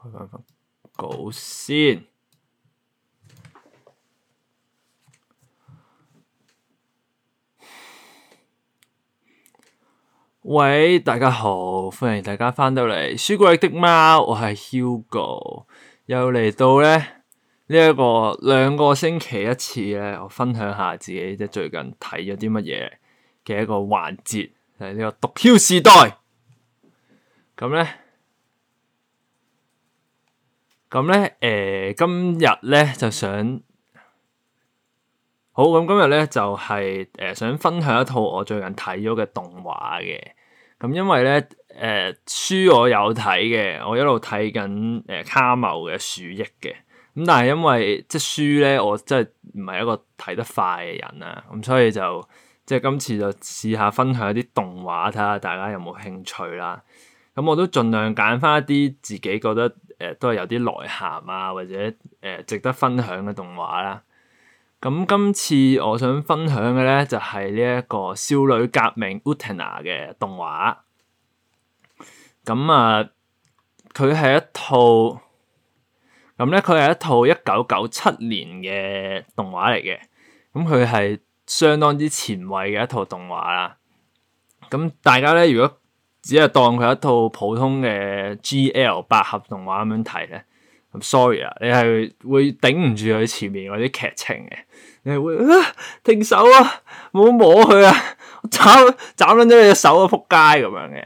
好啦，咁好先看看。喂，大家好，歡迎大家翻到嚟《書櫃的貓》，我係 Hugo，又嚟到咧呢一，這個兩個星期一次咧，我分享下自己即最近睇咗啲乜嘢嘅一個環節，就係呢個《獨挑時代》呢。咁咧。咁咧，誒、呃、今日咧就想，好咁今日咧就係、是、誒、呃、想分享一套我最近睇咗嘅動畫嘅。咁因為咧，誒、呃、書我有睇嘅，我一路睇緊誒卡繆嘅《鼠疫》嘅。咁但係因為即係書咧，我真係唔係一個睇得快嘅人啊，咁所以就即係今次就試下分享一啲動畫，睇下大家有冇興趣啦。咁我都盡量揀翻一啲自己覺得誒、呃、都係有啲內涵啊，或者誒、呃、值得分享嘅動畫啦。咁今次我想分享嘅咧就係呢一個少女革命 Utena 嘅動畫。咁啊，佢係一套咁咧，佢係一套一九九七年嘅動畫嚟嘅。咁佢係相當之前衞嘅一套動畫啦。咁大家咧，如果只係當佢一套普通嘅 GL 百合動畫咁樣睇咧，咁 sorry 啊，你係會頂唔住佢前面嗰啲劇情嘅，你係會停手啊，唔好摸佢啊，斬斬撚咗你隻手啊，扑街咁樣嘅。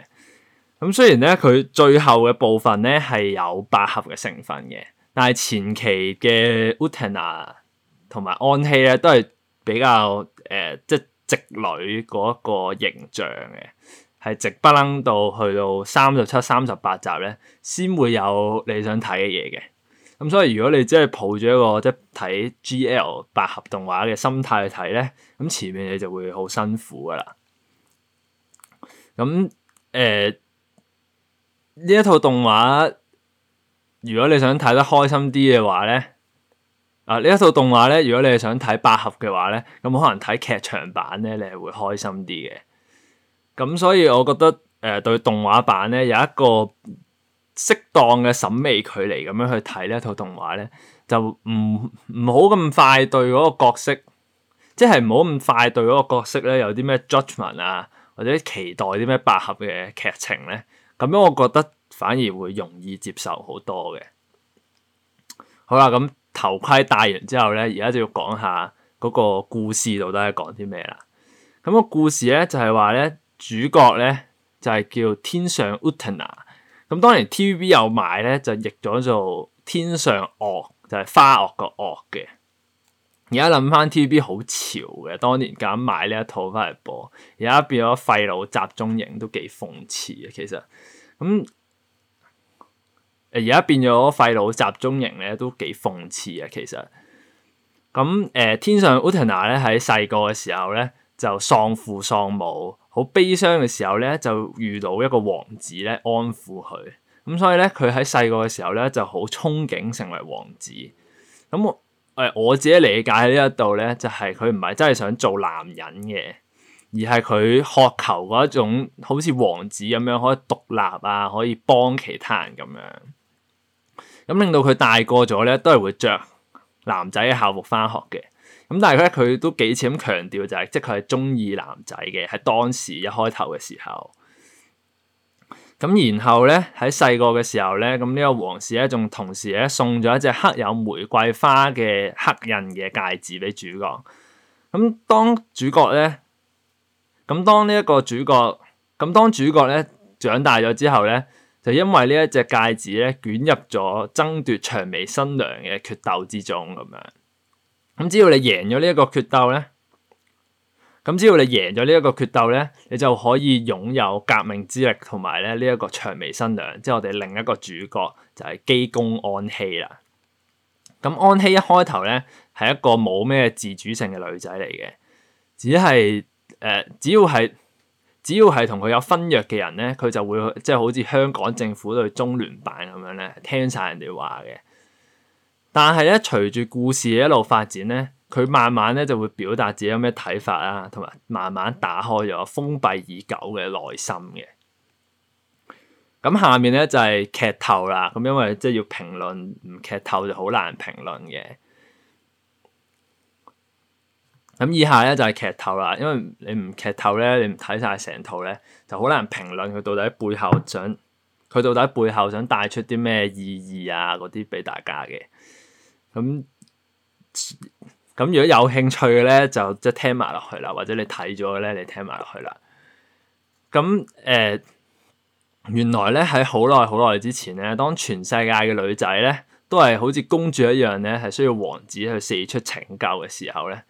咁雖然咧，佢最後嘅部分咧係有百合嘅成分嘅，但係前期嘅 Utena 同埋安希咧都係比較誒、呃，即係直女嗰個形象嘅。係直不楞到去到三十七、三十八集咧，先會有你想睇嘅嘢嘅。咁所以如果你真係抱住一個即係睇 GL 百合動畫嘅心態去睇咧，咁前面你就會好辛苦噶啦。咁誒呢一套動畫，如果你想睇得開心啲嘅話咧，啊呢一套動畫咧，如果你係想睇百合嘅話咧，咁可能睇劇場版咧，你係會開心啲嘅。咁所以，我覺得誒對動畫版咧有一個適當嘅審美距離，咁樣去睇呢一套動畫咧，就唔唔好咁快對嗰個角色，即係唔好咁快對嗰個角色咧有啲咩 judgment 啊，或者期待啲咩百合嘅劇情咧。咁樣我覺得反而會容易接受好多嘅。好啦，咁頭盔戴完之後咧，而家就要講下嗰個故事到底係講啲咩啦。咁個故事咧就係話咧。主角咧就係、是、叫天上 Utena，咁當然 TVB 有買咧就譯咗做天上惡，就係、是、花惡個惡嘅。而家諗翻 TVB 好潮嘅，當年敢買呢一套翻嚟播，而家變咗廢老集中營都幾諷刺嘅其實。咁而家變咗廢老集中營咧都幾諷刺嘅其實。咁、嗯、誒、呃、天上 Utena 咧喺細個嘅時候咧，就喪父喪母，好悲傷嘅時候咧，就遇到一個王子咧安撫佢，咁所以咧佢喺細個嘅時候咧就好憧憬成為王子。咁我誒、呃、我自己理解呢一度咧，就係佢唔係真係想做男人嘅，而係佢渴求嗰一種好似王子咁樣可以獨立啊，可以幫其他人咁樣。咁令到佢大個咗咧，都係會着男仔嘅校服翻學嘅。咁但係咧，佢都幾次咁強調就係，即佢係中意男仔嘅。喺當時一開頭嘅時候，咁然後咧喺細個嘅時候咧，咁、這、呢個黃氏咧仲同時咧送咗一隻刻有玫瑰花嘅刻印嘅戒指俾主角。咁當主角咧，咁當呢一個主角，咁當主角咧長大咗之後咧，就因為呢一隻戒指咧捲入咗爭奪薔薇新娘嘅決鬥之中咁樣。咁只要你贏咗呢一個決鬥咧，咁只要你贏咗呢一個決鬥咧，你就可以擁有革命之力同埋咧呢一個薔薇新娘，即係我哋另一個主角就係姬宮安希啦。咁安希一開頭咧係一個冇咩自主性嘅女仔嚟嘅，只係誒、呃、只要係只要係同佢有婚約嘅人咧，佢就會即係、就是、好似香港政府對中聯辦咁樣咧，聽晒人哋話嘅。但係咧，隨住故事一路發展咧，佢慢慢咧就會表達自己有咩睇法啊，同埋慢慢打開咗封閉已久嘅內心嘅。咁下面咧就係劇透啦。咁因為即係要評論，唔劇透就好難評論嘅。咁以下咧就係劇透啦，因為你唔劇透咧，你唔睇晒成套咧，就好難評論佢到底背後想，佢到底背後想帶出啲咩意義啊，嗰啲俾大家嘅。咁咁，如果有興趣嘅咧，就即係聽埋落去啦，或者你睇咗嘅咧，你聽埋落去啦。咁誒、呃，原來咧喺好耐好耐之前咧，當全世界嘅女仔咧都係好似公主一樣咧，係需要王子去四出拯救嘅時候咧，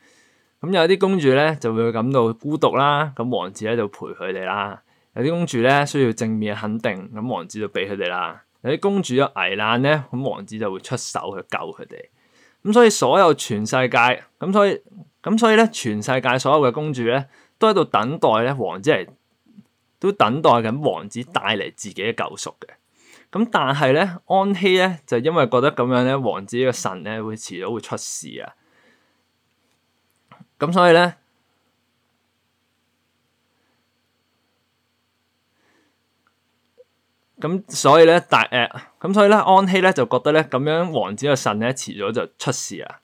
咁有啲公主咧就會感到孤獨啦。咁王子喺度陪佢哋啦。有啲公主咧需要正面肯定，咁王子就俾佢哋啦。有啲公主有危難咧，咁王子就會出手去救佢哋。咁所以所有全世界，咁所以咁所以咧，全世界所有嘅公主咧，都喺度等待咧王子嚟，都等待緊王子帶嚟自己嘅救贖嘅。咁但係咧，安希咧就因為覺得咁樣咧，王子呢個神咧會遲早會出事啊。咁所以咧。咁所以咧，大，誒，咁所以咧，安希咧就覺得咧，咁樣王子嘅腎咧遲早就出事啦，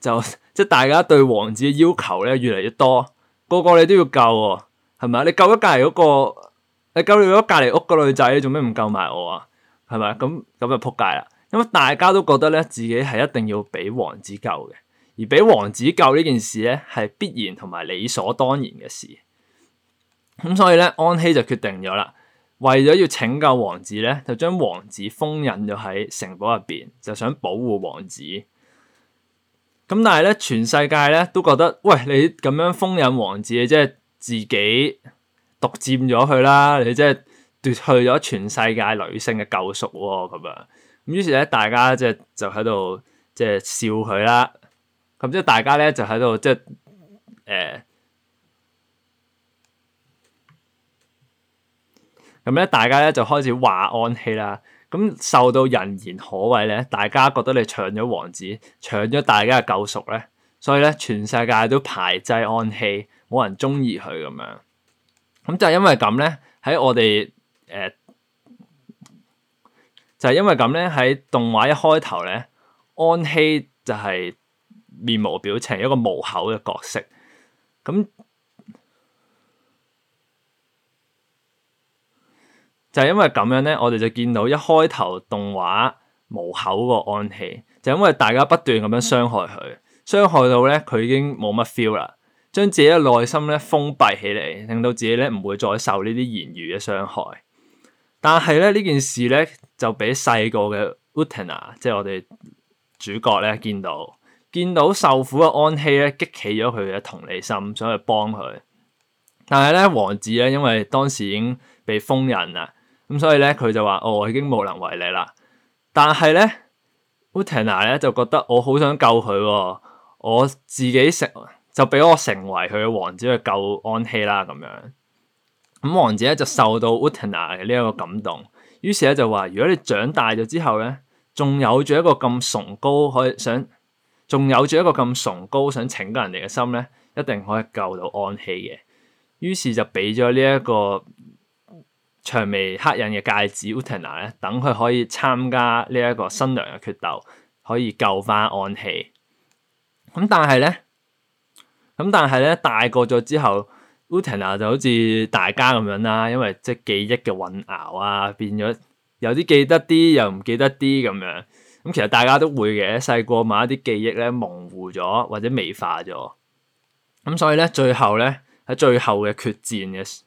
就即係大家對王子嘅要求咧越嚟越多，個個你都要救喎、哦，係咪啊？你救咗隔離嗰個，你救咗隔離屋個女仔，你做咩唔救埋我啊？係咪啊？咁咁就撲街啦，因為大家都覺得咧自己係一定要俾王子救嘅，而俾王子救呢件事咧係必然同埋理所當然嘅事。咁所以咧，安希就決定咗啦。為咗要拯救王子咧，就將王子封印咗喺城堡入邊，就想保護王子。咁但係咧，全世界咧都覺得，喂，你咁樣封印王子，你即係自己獨占咗佢啦，你即係奪去咗全世界女性嘅救贖喎、哦，咁樣。咁於是咧，大家即係就喺度即係笑佢啦。咁即係大家咧就喺度即係誒。咁咧，大家咧就開始話安希啦。咁受到人言可畏咧，大家覺得你搶咗王子，搶咗大家嘅救贖咧，所以咧全世界都排擠安希，冇人中意佢咁樣。咁、呃、就係、因為咁咧，喺我哋誒，就係因為咁咧，喺動畫一開頭咧，安希就係面無表情一個無口嘅角色。咁、嗯就係因為咁樣咧，我哋就見到一開頭動畫無口個安希，就是，因為大家不斷咁樣傷害佢，傷害到咧佢已經冇乜 feel 啦，將自己嘅內心咧封閉起嚟，令到自己咧唔會再受呢啲言語嘅傷害。但係咧呢件事咧就俾細個嘅 Utena，即係我哋主角咧見到，見到受苦嘅安希咧激起咗佢嘅同理心，想去幫佢。但係咧王子咧因為當時已經被封印啦。咁所以咧，佢就話：我、哦、已經無能為力啦。但係咧，Utena 咧就覺得我好想救佢，啊，我自己成就俾我成為佢嘅王子去救安希啦。咁樣，咁、嗯、王子咧就受到 Utena 嘅呢一個感動，於是咧就話：如果你長大咗之後咧，仲有住一個咁崇高，可以想，仲有住一個咁崇高，想拯救人哋嘅心咧，一定可以救到安希嘅。於是就俾咗呢一個長眉黑人嘅戒指 Utena 咧，a, 等佢可以參加呢一個新娘嘅決鬥，可以救翻安氣。咁但係咧，咁但係咧，大個咗之後，Utena 就好似大家咁樣啦，因為即係記憶嘅混淆啊，變咗有啲記得啲，又唔記得啲咁樣。咁其實大家都會嘅，細個某一啲記憶咧模糊咗，或者美化咗。咁所以咧，最後咧喺最後嘅決戰嘅。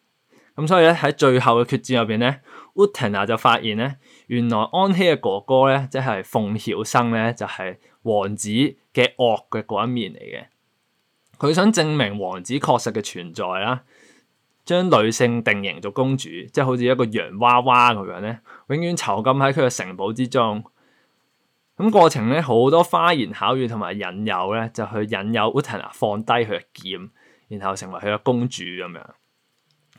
咁所以咧喺最後嘅決戰入邊咧，Utena 就發現咧，原來安希嘅哥哥咧，即係鳳曉生咧，就係王子嘅惡嘅嗰一面嚟嘅。佢想證明王子確實嘅存在啦，將女性定型做公主，即係好似一個洋娃娃咁樣咧，永遠囚禁喺佢嘅城堡之中。咁過程咧好多花言巧語同埋引誘咧，就去引誘 Utena 放低佢嘅劍，然後成為佢嘅公主咁樣。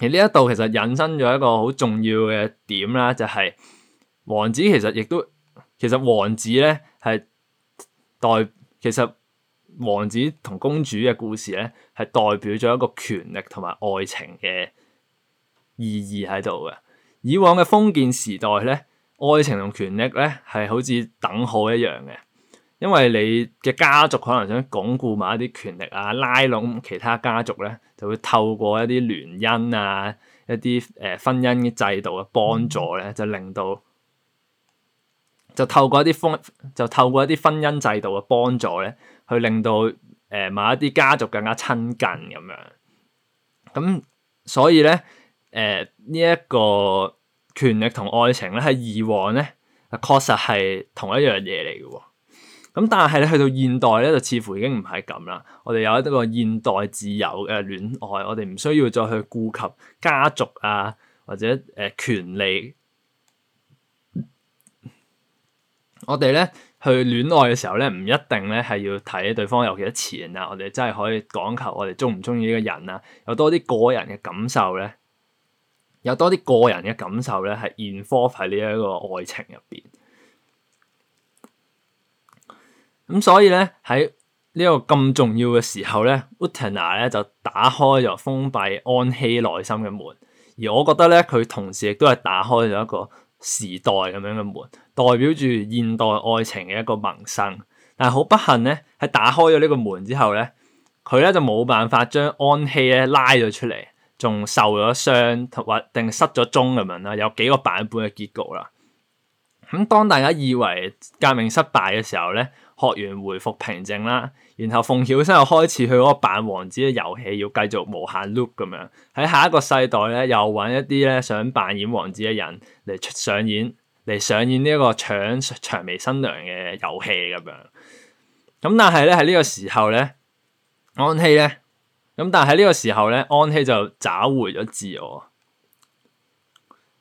而呢一度其實引申咗一個好重要嘅點啦，就係王子其實亦都其實王子咧係代其實王子同公主嘅故事咧係代表咗一個權力同埋愛情嘅意義喺度嘅。以往嘅封建時代咧，愛情同權力咧係好似等號一樣嘅。因為你嘅家族可能想鞏固埋一啲權力啊，拉攏其他家族咧，就會透過一啲聯姻啊，一啲誒婚姻嘅制度嘅幫助咧，就令到就透過一啲婚就透過一啲婚姻制度嘅幫助咧，去令到誒某一啲家族更加親近咁樣。咁所以咧，誒呢一個權力同愛情咧，喺以往咧確實係同一樣嘢嚟嘅喎。咁但係咧，去到現代咧，就似乎已經唔係咁啦。我哋有一個現代自由嘅戀愛，我哋唔需要再去顧及家族啊，或者誒、呃、權利。我哋咧去戀愛嘅時候咧，唔一定咧係要睇對方有幾多錢啊。我哋真係可以講求我哋鍾唔鍾意呢個人啊，有多啲個人嘅感受咧，有多啲個人嘅感受咧，係 involve 喺呢一個愛情入邊。咁所以咧喺呢這個咁重要嘅時候咧，Utena 咧就打開咗封閉安希內心嘅門，而我覺得咧佢同時亦都係打開咗一個時代咁樣嘅門，代表住現代愛情嘅一個萌生。但係好不幸咧，喺打開咗呢個門之後咧，佢咧就冇辦法將安希咧拉咗出嚟，仲受咗傷或定失咗蹤咁樣啦，有幾個版本嘅結局啦。咁當大家以為革命失敗嘅時候咧。學完回復平靜啦，然後鳳曉生又開始去嗰個扮王子嘅遊戲，要繼續無限 loop 咁樣。喺下一個世代咧，又揾一啲咧想扮演王子嘅人嚟，上演，嚟上演呢一個搶薔薇新娘嘅遊戲咁樣。咁但係咧喺呢個時候咧，安希咧，咁但係呢個時候咧，安希就找回咗自我。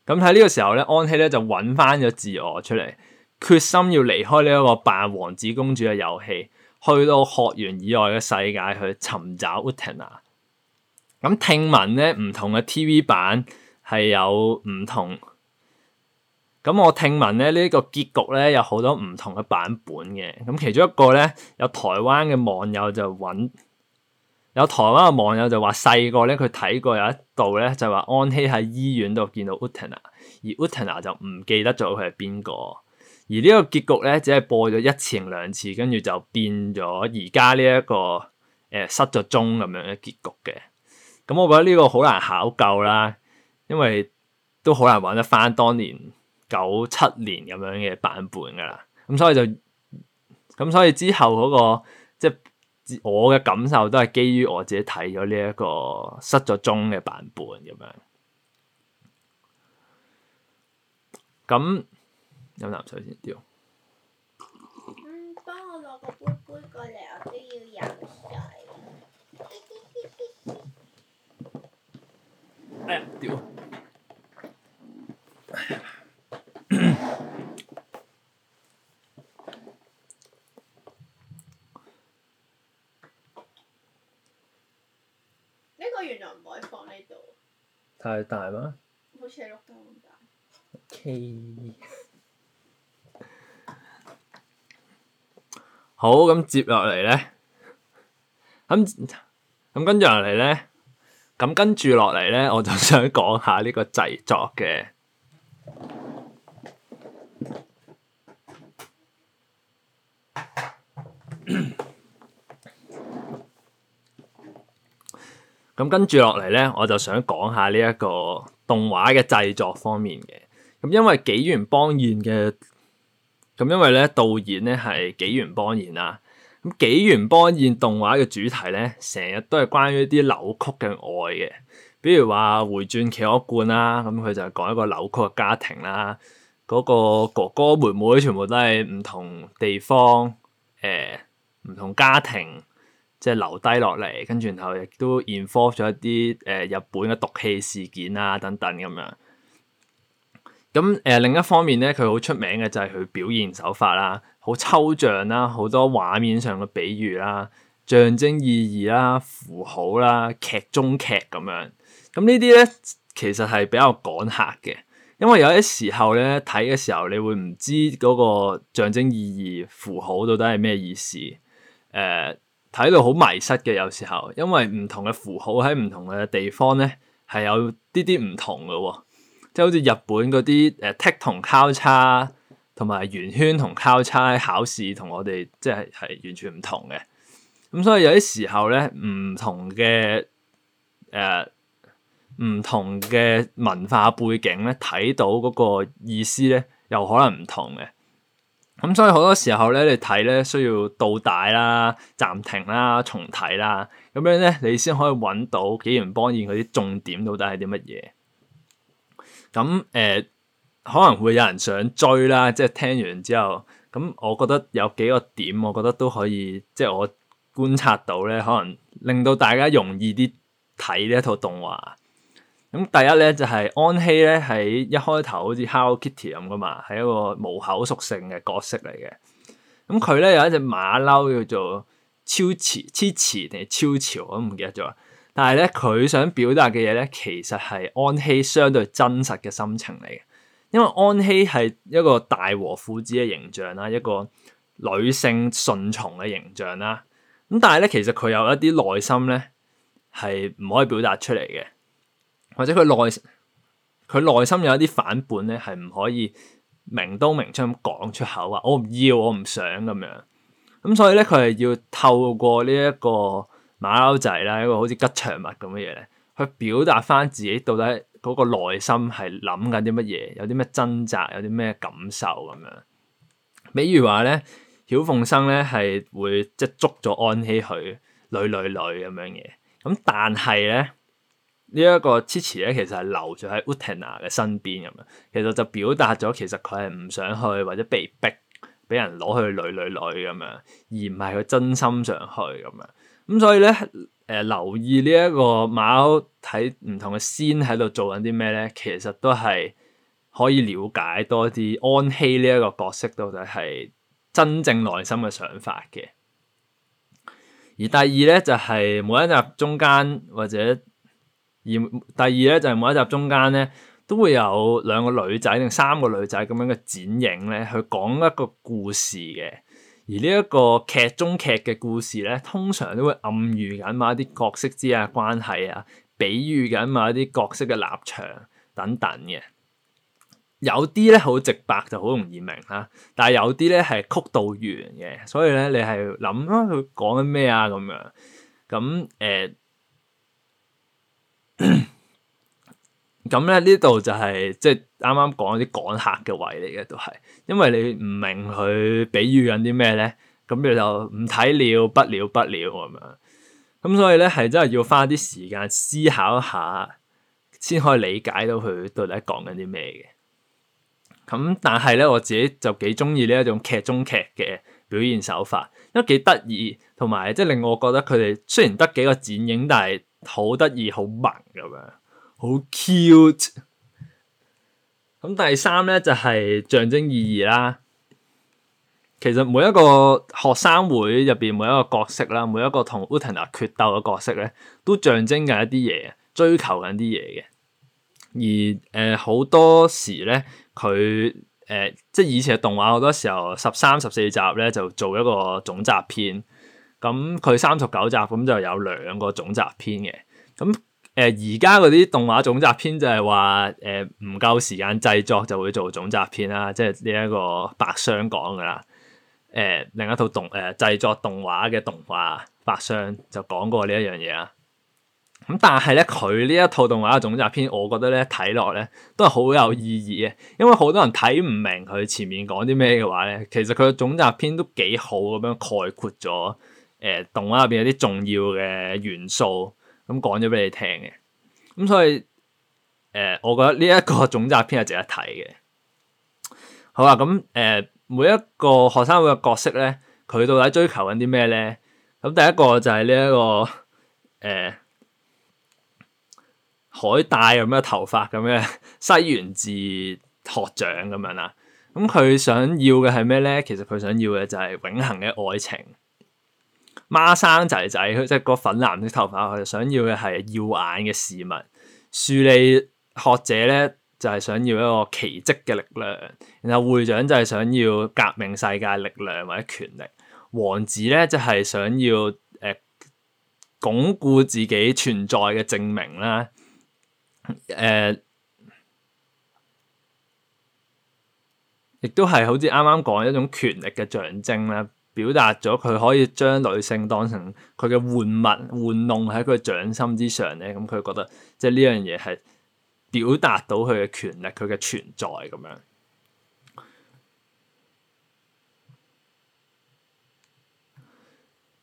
咁喺呢個時候咧，安希咧就揾翻咗自我出嚟。決心要離開呢一個扮王子公主嘅遊戲，去到學園以外嘅世界去尋找 Utena。咁聽聞咧，唔同嘅 TV 版係有唔同。咁我聽聞咧，呢、這個結局咧，有好多唔同嘅版本嘅。咁其中一個咧，有台灣嘅網友就揾，有台灣嘅網友就話細個咧，佢睇過有一度咧，就話安希喺醫院度見到 Utena，而 Utena 就唔記得咗佢係邊個。而呢個結局咧，只係播咗一次、兩次，跟住就變咗而家呢一個誒、呃、失咗蹤咁樣嘅結局嘅。咁我覺得呢個好難考究啦，因為都好難搵得返當年九七年咁樣嘅版本㗎喇。咁所以就咁，所以之後嗰、那個即係、就是、我嘅感受都係基於我自己睇咗呢一個失咗蹤嘅版本咁樣。咁飲啖水先屌。嗯，幫我攞個杯杯過嚟，我都要飲水。 哎屌！呢 個原來唔可以放喺度。太大嗎？好似係六公分大。K、okay。好，咁接落嚟咧，咁咁跟住落嚟咧，咁跟住落嚟咧，我就想講下呢個製作嘅。咁跟住落嚟咧，我就想講下呢一個動畫嘅製作方面嘅。咁因為紀元邦彥嘅。咁因為咧，導演咧係紀元邦彥啦。咁紀元邦彥動畫嘅主題咧，成日都係關於一啲扭曲嘅愛嘅。比如話回轉企鵝罐啦，咁佢就係講一個扭曲嘅家庭啦。嗰、那個哥哥妹妹全部都係唔同地方，誒、欸、唔同家庭，即、就、係、是、留低落嚟，跟住然後亦都 inform 咗一啲誒日本嘅毒氣事件啊等等咁樣。咁誒、呃、另一方面咧，佢好出名嘅就係佢表現手法啦，好抽象啦，好多畫面上嘅比喻啦、象徵意義啦、符號啦、劇中劇咁樣。咁呢啲咧，其實係比較趕客嘅，因為有啲時候咧，睇嘅時候，你會唔知嗰個象徵意義、符號到底係咩意思？誒、呃，睇到好迷失嘅有時候，因為唔同嘅符號喺唔同嘅地方咧，係有啲啲唔同嘅喎、哦。即係好似日本嗰啲誒 t i 同交叉，同埋圓圈同交叉考試，同我哋即係係完全唔同嘅。咁所以有啲時候咧，唔同嘅誒，唔、呃、同嘅文化背景咧，睇到嗰個意思咧，又可能唔同嘅。咁所以好多時候咧，你睇咧需要倒大啦、暫停啦、重睇啦，咁樣咧你先可以揾到幾圓幫現佢啲重點到底係啲乜嘢。咁誒、呃、可能會有人想追啦，即係聽完之後，咁我覺得有幾個點，我覺得都可以，即係我觀察到咧，可能令到大家容易啲睇呢一套動畫。咁第一咧就係、是、安希咧喺一開頭好似 Hello Kitty 咁㗎嘛，係一個無口屬性嘅角色嚟嘅。咁佢咧有一隻馬騮叫做超潮、超潮定係超潮，我都唔記得咗。但係咧，佢想表達嘅嘢咧，其實係安希相對真實嘅心情嚟嘅。因為安希係一個大和撫子嘅形象啦，一個女性順從嘅形象啦。咁但係咧，其實佢有一啲內心咧係唔可以表達出嚟嘅，或者佢內佢內心有一啲反叛咧，係唔可以明刀明槍咁講出口啊，我唔要，我唔想咁樣。咁所以咧，佢係要透過呢一個。馬騮仔啦，一個好似吉祥物咁嘅嘢咧，去表達翻自己到底嗰個內心係諗緊啲乜嘢，有啲咩掙扎，有啲咩感受咁樣。比如話咧，曉鳳生咧係會即係捉咗安希佢，女女女咁樣嘅，咁但係咧呢一個癡詞咧其實係留住喺 Utena 嘅身邊咁樣，其實就表達咗其實佢係唔想去或者被逼俾人攞去女女女咁樣，而唔係佢真心想去咁樣。咁所以咧，誒、呃、留意呢一個馬騮睇唔同嘅 scene 喺度做緊啲咩咧，其實都係可以了解多啲安希呢一個角色到底係真正內心嘅想法嘅。而第二咧就係、是、每一集中間或者而第二咧就係、是、每一集中間咧都會有兩個女仔定三個女仔咁樣嘅剪影咧去講一個故事嘅。而呢一個劇中劇嘅故事咧，通常都會暗喻緊某一啲角色之間嘅關係啊，比喻緊某一啲角色嘅立場等等嘅。有啲咧好直白就好容易明啦，但係有啲咧係曲到圓嘅，所以咧你係諗啦，佢講緊咩啊，咁樣咁誒。咁咧呢度就係即係啱啱講啲趕客嘅位嚟嘅，都係因為你唔明佢比喻緊啲咩咧，咁你就唔睇了、不了、不了咁樣。咁所以咧，係真係要花啲時間思考一下，先可以理解到佢到底講緊啲咩嘅。咁但係咧，我自己就幾鍾意呢一種劇中劇嘅表現手法，因為幾得意，同埋即係令我覺得佢哋雖然得幾個剪影，但係好得意、好萌咁樣。好 cute，咁第三咧就係象徵意義啦。其實每一個學生會入邊每一個角色啦，每一個同 Utena 決鬥嘅角色咧，都象徵緊一啲嘢，追求緊啲嘢嘅。而誒好、呃、多時咧，佢誒、呃、即係以前嘅動畫好多時候十三十四集咧就做一個總集篇，咁佢三十九集咁就有兩個總集篇嘅，咁。誒而家嗰啲動畫總集篇就係話誒唔夠時間製作就會做總集篇啦，即係呢一個白箱講㗎啦。誒、呃、另一套動誒、呃、製作動畫嘅動畫白箱就講過呢一樣嘢啦。咁但係咧，佢呢一套動畫總集篇，我覺得咧睇落咧都係好有意義嘅，因為好多人睇唔明佢前面講啲咩嘅話咧，其實佢嘅總集篇都幾好咁樣概括咗誒、呃、動畫入邊有啲重要嘅元素。咁講咗俾你聽嘅，咁所以，誒、呃，我覺得呢一個總集篇係值得睇嘅。好啦、啊，咁、呃、誒，每一個學生會嘅角色咧，佢到底追求緊啲咩咧？咁第一個就係呢一個誒、呃、海帶咁嘅頭髮咁嘅西園寺學長咁樣啦。咁佢想要嘅係咩咧？其實佢想要嘅就係永恆嘅愛情。孖生仔仔，即係個粉藍色頭髮，佢想要嘅係耀眼嘅事物；樹莉學者咧就係想要一個奇蹟嘅力量；然後會長就係想要革命世界力量或者權力；王子咧就係想要誒鞏固自己存在嘅證明啦，誒亦都係好似啱啱講一種權力嘅象徵啦。表達咗佢可以將女性當成佢嘅玩物，玩弄喺佢掌心之上咧。咁佢覺得即係呢樣嘢係表達到佢嘅權力，佢嘅存在咁樣。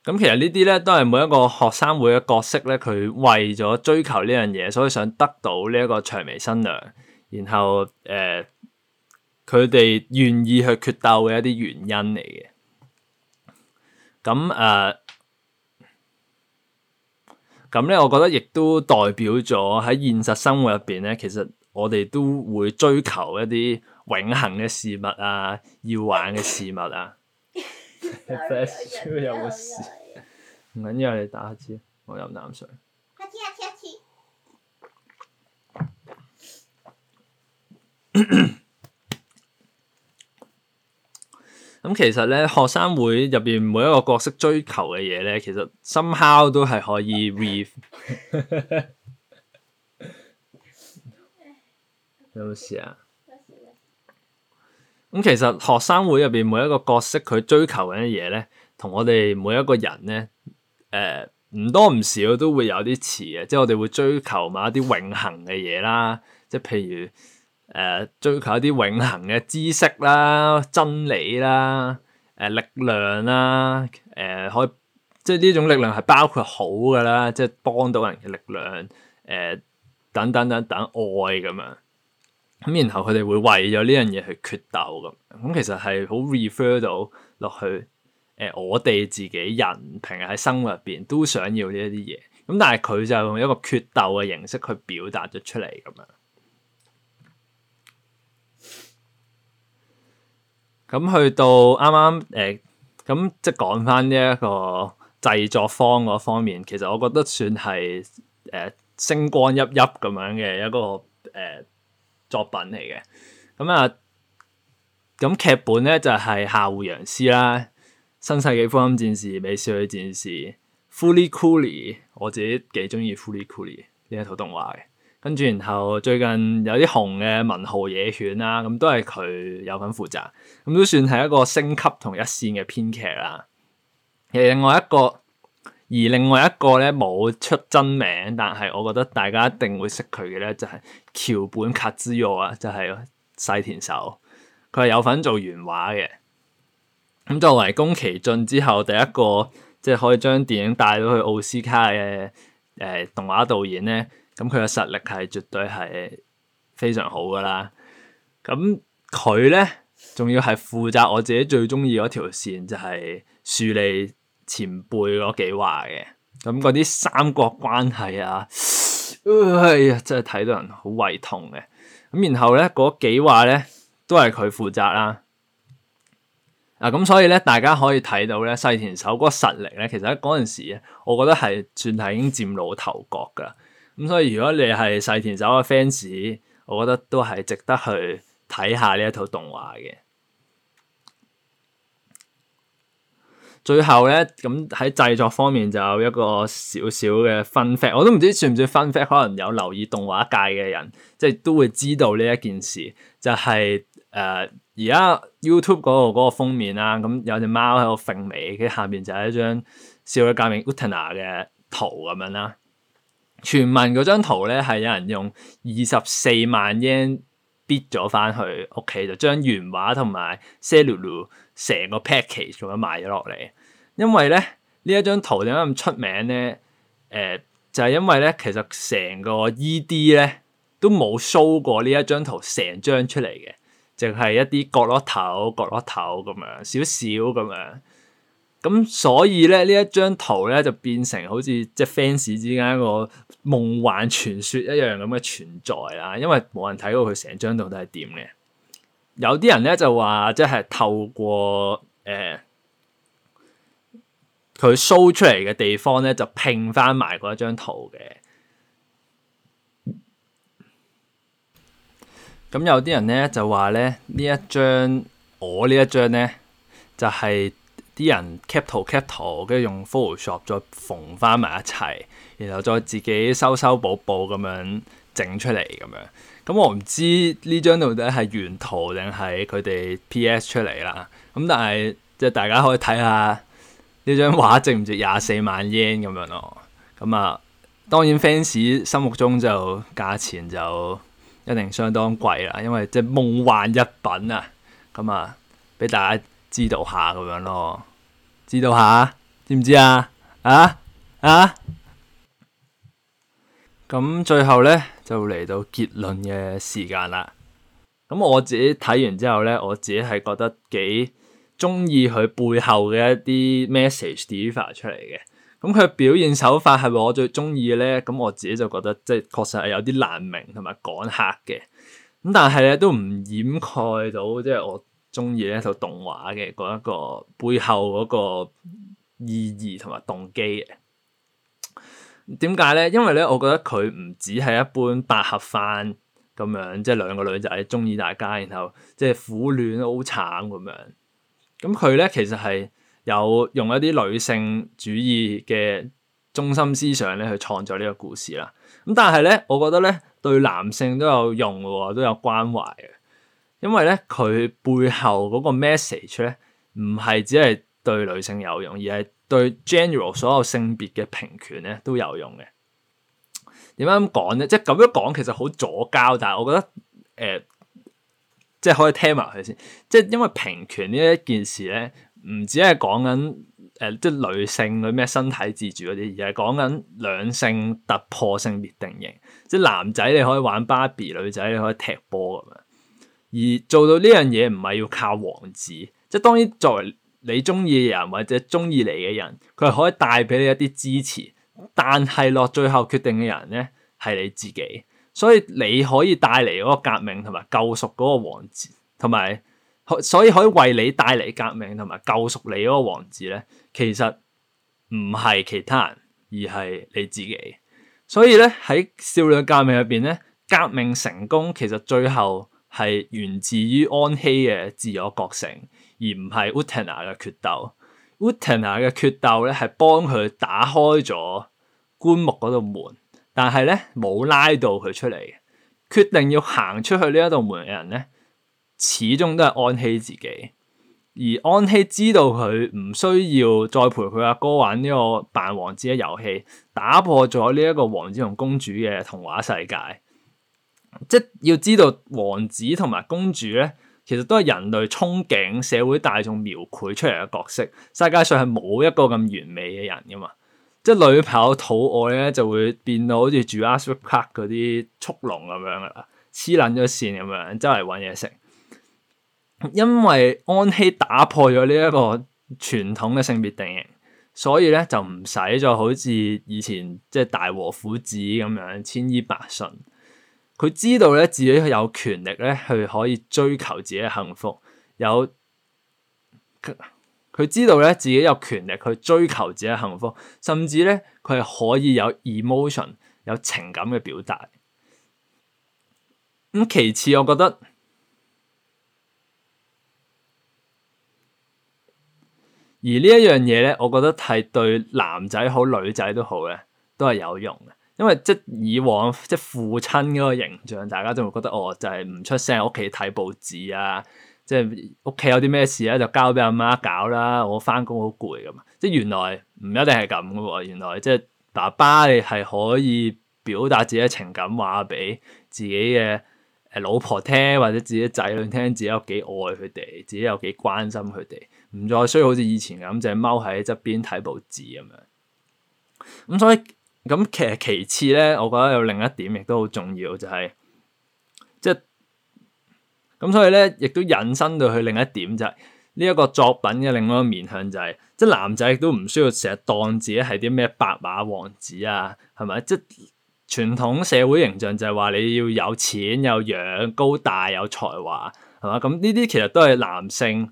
咁其實呢啲咧都係每一個學生會嘅角色咧。佢為咗追求呢樣嘢，所以想得到呢一個薔薇新娘，然後誒佢哋願意去決鬥嘅一啲原因嚟嘅。咁誒，咁咧，uh，我覺得亦都代表咗喺現實生活入邊咧，其實我哋都會追求一啲永恆嘅事物啊，要玩嘅事物啊。 有冇事？唔緊要，你打下字，我飲啖水。下次下次下次 咁其實咧，學生會入邊每一個角色追求嘅嘢咧，其實 somehow 都係可以 rehave 了。有冇事啊？咁其實學生會入邊每一個角色佢追求嘅嘢咧，同我哋每一個人咧，誒、呃、唔多唔少都會有啲似嘅，即係我哋會追求某一啲永恆嘅嘢啦，即係譬如。誒追求一啲永恆嘅知識啦、真理啦、誒、呃、力量啦、誒、呃、可以即係呢種力量係包括好㗎啦，即係幫到人嘅力量誒、呃、等等等等，等愛咁樣，咁然後佢哋會為咗呢樣嘢去決鬥咁，咁其實係好 refer 到落去誒、呃、我哋自己人平日喺生活入邊都想要呢一啲嘢，咁但係佢就用一個決鬥嘅形式去表達咗出嚟咁樣。咁去到啱啱誒咁即係講翻呢一個製作方嗰方面，其實我覺得算係誒、呃、星光熠熠咁樣嘅一個誒、呃、作品嚟嘅。咁、嗯、啊，咁劇本咧就係、是、夏目洋師榎戶洋司啦，《新世紀福音戰士》、《美少女戰士》、《Fooly Cooly》，我自己幾中意《Fooly Cooly》呢一套動畫嘅。跟住，然後最近有啲紅嘅《文豪野犬》啦，咁都係佢有份負責，咁都算係一個星級同一線嘅編劇啦。誒，另外一個而另外一個咧冇出真名，但係我覺得大家一定會識佢嘅咧，就係、是、橋本卡之助啊，就係、是、細田守，佢係有份做原畫嘅。咁作為宮崎駿之後第一個即係、就是、可以將電影帶到去奧斯卡嘅誒、呃、動畫導演咧。咁佢嘅實力係絕對係非常好噶啦，咁佢咧仲要係負責我自己最中意嗰條線，就係、是、樹立前輩嗰幾話嘅，咁嗰啲三角關係啊，唉、哎、啊真係睇到人好胃痛嘅，咁然後咧嗰幾話咧都係佢負責啦。嗱、啊、咁所以咧，大家可以睇到咧，細田守嗰個實力咧，其實喺嗰陣時，我覺得係算係已經嶄露頭角噶。咁所以如果你係細田守嘅 fans，我覺得都係值得去睇下呢一套動畫嘅。最後咧，咁喺製作方面就有一個少少嘅 fun fact，我都唔知算唔算 fun fact，可能有留意動畫界嘅人，即係都會知道呢一件事，就係誒而家 YouTube 嗰個封面啦，咁有隻貓喺度揈尾，佢下面就係一張《少女革命 Utena》嘅圖咁樣啦。傳聞嗰張圖咧，係有人用二十四萬日圓 bid 咗翻去屋企，就將原畫同埋 Salulu 成個 package 咁樣賣咗落嚟。因為咧呢一張圖點解咁出名咧？誒、呃，就係、是、因為咧其實成個 ED 咧都冇 show 過呢一張圖成張出嚟嘅，淨係一啲角落頭、角落頭咁樣少少咁樣。咁所以咧，呢一張圖咧就變成好似即係 fans 之間個夢幻傳說一樣咁嘅存在啦。因為冇人睇過佢成張圖都係點嘅。有啲人咧就話，即係透過、呃、佢 show 出嚟嘅地方咧，就拼翻埋嗰一張圖嘅。咁有啲人咧就話咧，呢一張我呢一張咧就係。啲人 cap 圖 cap 圖，跟住用 Photoshop 再縫翻埋一齊，然後再自己修修補補咁樣整出嚟，咁樣，咁、嗯、我唔知呢張到底係原圖定係佢哋 PS 出嚟啦。咁、嗯、但係即係大家可以睇下呢張畫值唔值廿四萬 yen 咁樣咯、啊。咁、嗯、啊，當然 fans 心目中就價錢就一定相當貴啦，因為即係夢幻一品啊。咁、嗯、啊，俾大家。知道下咁樣咯，知道下，知唔知啊？啊啊！咁最後咧就嚟到結論嘅時間啦。咁我自己睇完之後咧，我自己係覺得幾中意佢背後嘅一啲 message deliver 出嚟嘅。咁佢嘅表現手法係咪我最中意嘅咧？咁我自己就覺得即係確實係有啲難明同埋趕客嘅。咁但係咧都唔掩蓋到即係、就是、我。中意呢套動畫嘅嗰一個背後嗰個意義同埋動機，點解咧？因為咧，我覺得佢唔止係一般百合飯咁樣，即係兩個女仔中意大家，然後即係苦戀好慘咁樣。咁佢咧其實係有用一啲女性主義嘅中心思想咧去創作呢個故事啦。咁但係咧，我覺得咧對男性都有用喎，都有關懷嘅。因為咧佢背後嗰個 message 咧，唔係只係對女性有用，而係對 general 所有性別嘅平權咧都有用嘅。點解咁講咧？即係咁樣講其實好左膠，但係我覺得誒、呃，即係可以聽埋佢先。即係因為平權呢一件事咧，唔只係講緊誒即係女性嘅咩身體自主嗰啲，而係講緊兩性突破性別定型，即係男仔你可以玩芭比，女仔你可以踢波咁樣。而做到呢樣嘢唔係要靠王子，即係當然作為你中意嘅人或者中意你嘅人，佢係可以帶俾你一啲支持。但係落最後決定嘅人咧係你自己，所以你可以帶嚟嗰個革命同埋救贖嗰個王子，同埋所以可以為你帶嚟革命同埋救贖你嗰個王子咧，其實唔係其他人，而係你自己。所以咧喺《少女革命》入邊咧，革命成功其實最後。係源自於安希嘅自我覺醒，而唔係 Utena 嘅決鬥。Utena 嘅決鬥咧，係幫佢打開咗棺木嗰度門，但係咧冇拉到佢出嚟。決定要行出去呢一道門嘅人咧，始終都係安希自己。而安希知道佢唔需要再陪佢阿哥,哥玩呢個扮王子嘅遊戲，打破咗呢一個王子同公主嘅童話世界。即係要知道王子同埋公主咧，其實都係人類憧憬社會大眾描繪出嚟嘅角色。世界上係冇一個咁完美嘅人噶嘛。即係女朋友肚餓咧，就會變到好似住阿叔卡嗰啲速龍咁樣噶啦，黐捻咗線咁樣，周圍搵嘢食。因為安希打破咗呢一個傳統嘅性別定型，所以咧就唔使再好似以前即係大和撫子咁樣千依百順。佢知道咧，自己有權力咧，去可以追求自己嘅幸福。有佢知道咧，自己有權力去追求自己嘅幸福，甚至咧，佢係可以有 emotion 有情感嘅表達，咁其次，我覺得而呢一樣嘢咧，我覺得係對男仔好、女仔都好咧，都係有用嘅。因為即以往即父親嗰個形象，大家都會覺得哦，就係唔出聲喺屋企睇報紙啊，即係屋企有啲咩事咧就交俾阿媽搞啦，我翻工，好攰，咁。即係原來唔一定係咁噶喎，原來即係爸爸你係可以表達自己嘅情感，話俾自己嘅誒老婆聽，或者自己仔女聽，自己有幾愛佢哋，自己有幾關心佢哋，唔再需要好似以前咁就踎喺側邊睇報紙咁樣。咁所以。咁其實其次咧，我覺得有另一點亦都好重要，就係，就係即係咁，所以咧亦都引申到去另一點，就係，就係呢一個作品嘅另外一個面向就係、係、即係男仔亦都唔需要成日當自己係啲咩白馬王子啊，係咪？即係傳統社會形象就係話你要有錢有樣高大有才華係嘛？咁呢啲其實都係男性。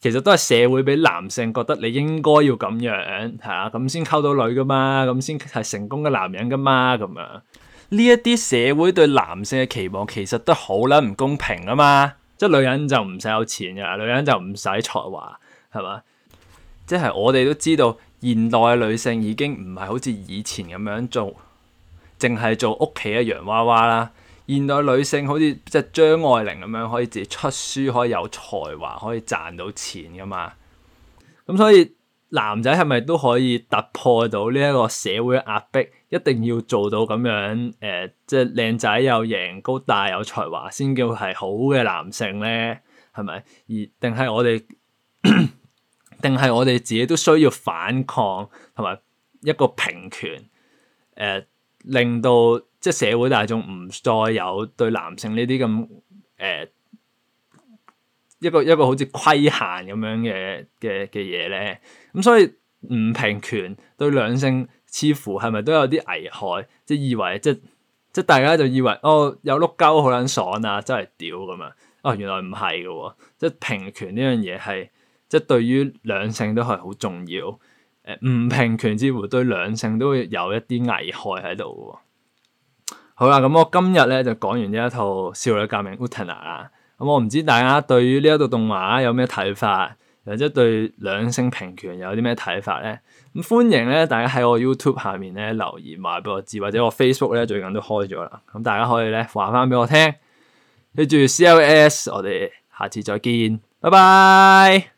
其實都係社會俾男性覺得你應該要咁樣吓，咁先溝到女噶嘛，咁先係成功嘅男人噶嘛，咁樣呢一啲社會對男性嘅期望，其實都好撚唔公平啊嘛，即係女人就唔使有錢嘅，女人就唔使才華，係嘛？即係我哋都知道，現代嘅女性已經唔係好似以前咁樣做，淨係做屋企嘅洋娃娃啦。現代女性好似即係張愛玲咁樣，可以自己出書，可以有才華，可以賺到錢㗎嘛。咁所以男仔係咪都可以突破到呢一個社會壓迫，一定要做到咁樣？誒、呃，即係靚仔有型、高大有才華，先叫係好嘅男性咧？係咪？而定係我哋，定係 我哋自己都需要反抗，同埋一個平權，誒、呃，令到。即係社會大眾唔再有對男性呢啲咁，誒一個一個好似規限咁樣嘅嘅嘅嘢咧，咁所以唔平權對兩性似乎係咪都有啲危害？即係以為，即即大家就以為，哦有碌鳩好撚爽啊，真係屌咁哦，原來唔係噶喎，即係平權呢樣嘢係即係對於兩性都係好重要。誒、呃，唔平權似乎對兩性都會有一啲危害喺度喎。好啦，咁我今日咧就講完呢一套少女革命 Utena 啊，咁、嗯、我唔知大家對於呢一套動畫有咩睇法，或者係對兩性平權有啲咩睇法咧？咁、嗯、歡迎咧，大家喺我 YouTube 下面咧留言話俾我知，或者我 Facebook 咧最近都開咗啦，咁大家可以咧話翻俾我聽。記住 CLS，我哋下次再見，拜拜。